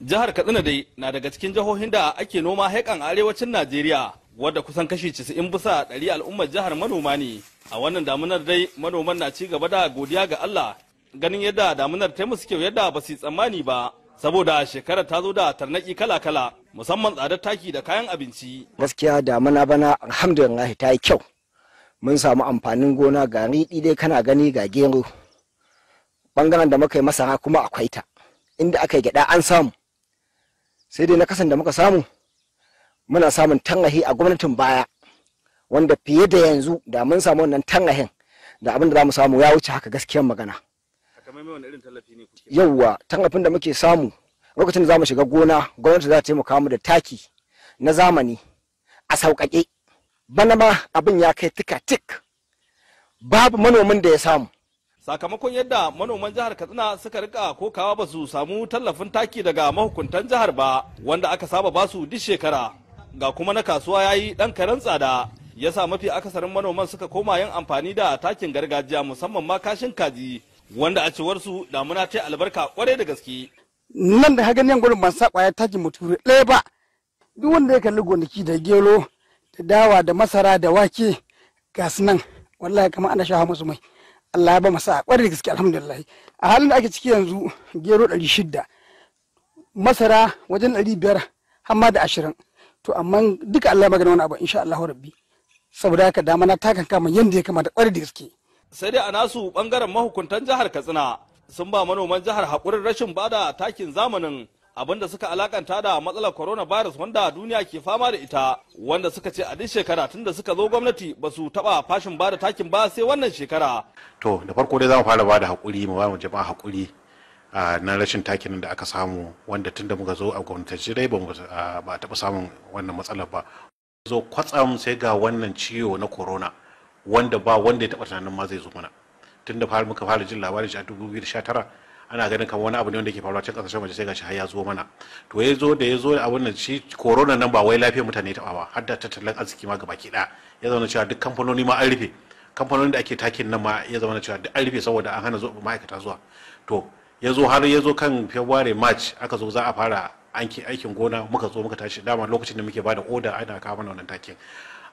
Jihar Katsina dai na daga cikin jihohin da ake noma haikan arewacin Najeriya wadda kusan kashi 90 bisa ɗari al'ummar jihar manoma ne. A wannan damunar dai manoman na ci gaba da godiya ga Allah ganin yadda damunar ta musu kyau yadda ba su tsammani ba saboda shekarar ta zo da tarnaki kala-kala musamman tsadar taki da kayan abinci. Gaskiya damuna bana alhamdulillah ta yi kyau. Mun samu amfanin gona ga riɗi dai kana gani ga gero. bangaren da muka yi masara kuma akwai ta inda aka yi gyada an samu sai dai na kasan da muka samu muna samun tangahi a gwamnatin baya wanda fiye da yanzu da mun samu wannan tangahin da abin da za mu samu ya wuce haka gaskiyar magana yauwa tangafin da muke samu lokacin da za mu shiga gona gwamnati za ta taimaka mu da taki na zamani a sauƙaƙe bana ma abin ya kai tika tik babu manomin da ya samu sakamakon yadda manoman jihar katsina suka rika kokawa ba su samu tallafin taki daga mahukuntan jihar ba wanda aka saba basu duk shekara ga kuma na kasuwa ya yi ɗan karen tsada ya sa mafi akasarin manoman suka koma yin amfani da takin gargajiya musamman ma kashin kaji wanda a cewar su damuna ta albarka kwarai da gaske nan da hagan yan gurin ban sa kwayar takin mutum ɗaya ba duk wanda ya kalli gonaki da gero da dawa da masara da wake ga nan wallahi kamar ana sha musu mai Allah ya ba masa kwarai da gaske alhamdulillah a halin da ake ciki yanzu gero ɗari masara wajen ɗari biyar hamma da ashirin to amma duka Allah ya magana wani abu insha Allah rabbi saboda haka dama na takan kama yadda ya kamata kwarai da gaske sai dai a nasu bangaren mahukuntan jihar Katsina sun ba manoman jihar haƙurin rashin bada takin zamanin abinda suka alakanta da matsalar coronavirus wanda duniya ke fama da ita wanda suka ce a duk shekara tun da suka zo gwamnati ba su taba fashin bada takin ba sai wannan shekara to da farko dai za mu fara bada hakuri mu ba mu jama'a hakuri na rashin takin da aka samu wanda tun da muka zo a gwamnati dai ba taba samun wannan matsalar ba zo kwatsam sai ga wannan ciwo na corona wanda ba wanda ya taba tunanin ma zai zo mana tun da muka fara jin labarin shi a 2019 ana ganin kamar wani abu ne wanda ke faruwa cikin kasashen waje sai gashi har ya zo mana to ya zo da ya zo da abun nan shi corona nan ba wai lafiyar mutane ta ba har da tattalin arziki ma gaba ɗaya ya zama cewa duk kamfanoni ma an rufe kamfanonin da ake takin nan ma ya zama cewa duk an rufe saboda an hana ma'aikata zuwa to ya zo har ya zo kan february march aka zo za a fara aikin gona muka zo muka tashi dama lokacin da muke bada oda ana kawo mana wannan takin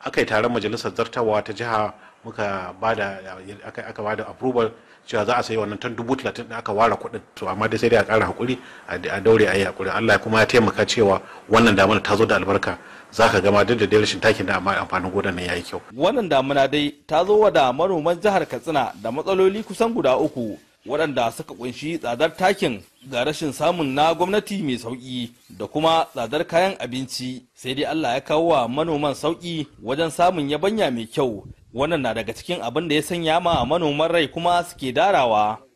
aka yi taron majalisar zartawa ta jiha muka bada aka bada approval cewa za a sayi wannan tan dubu talatin da aka ware kuɗin to amma dai sai dai a ƙara hakuri a daure a yi hakuri Allah kuma ya taimaka cewa wannan damuna ta zo da albarka za ka gama duk da dai rashin takin da amma amfanin na nan yayi kyau wannan damuna dai ta zo wa da manoman jihar Katsina da matsaloli kusan guda uku waɗanda suka kunshi tsadar takin ga rashin samun na gwamnati mai sauƙi da kuma tsadar kayan abinci sai dai Allah ya kawo wa manoman sauƙi wajen samun yabanya mai kyau wannan na daga cikin abin da ya sanya ma manoman rai kuma suke darawa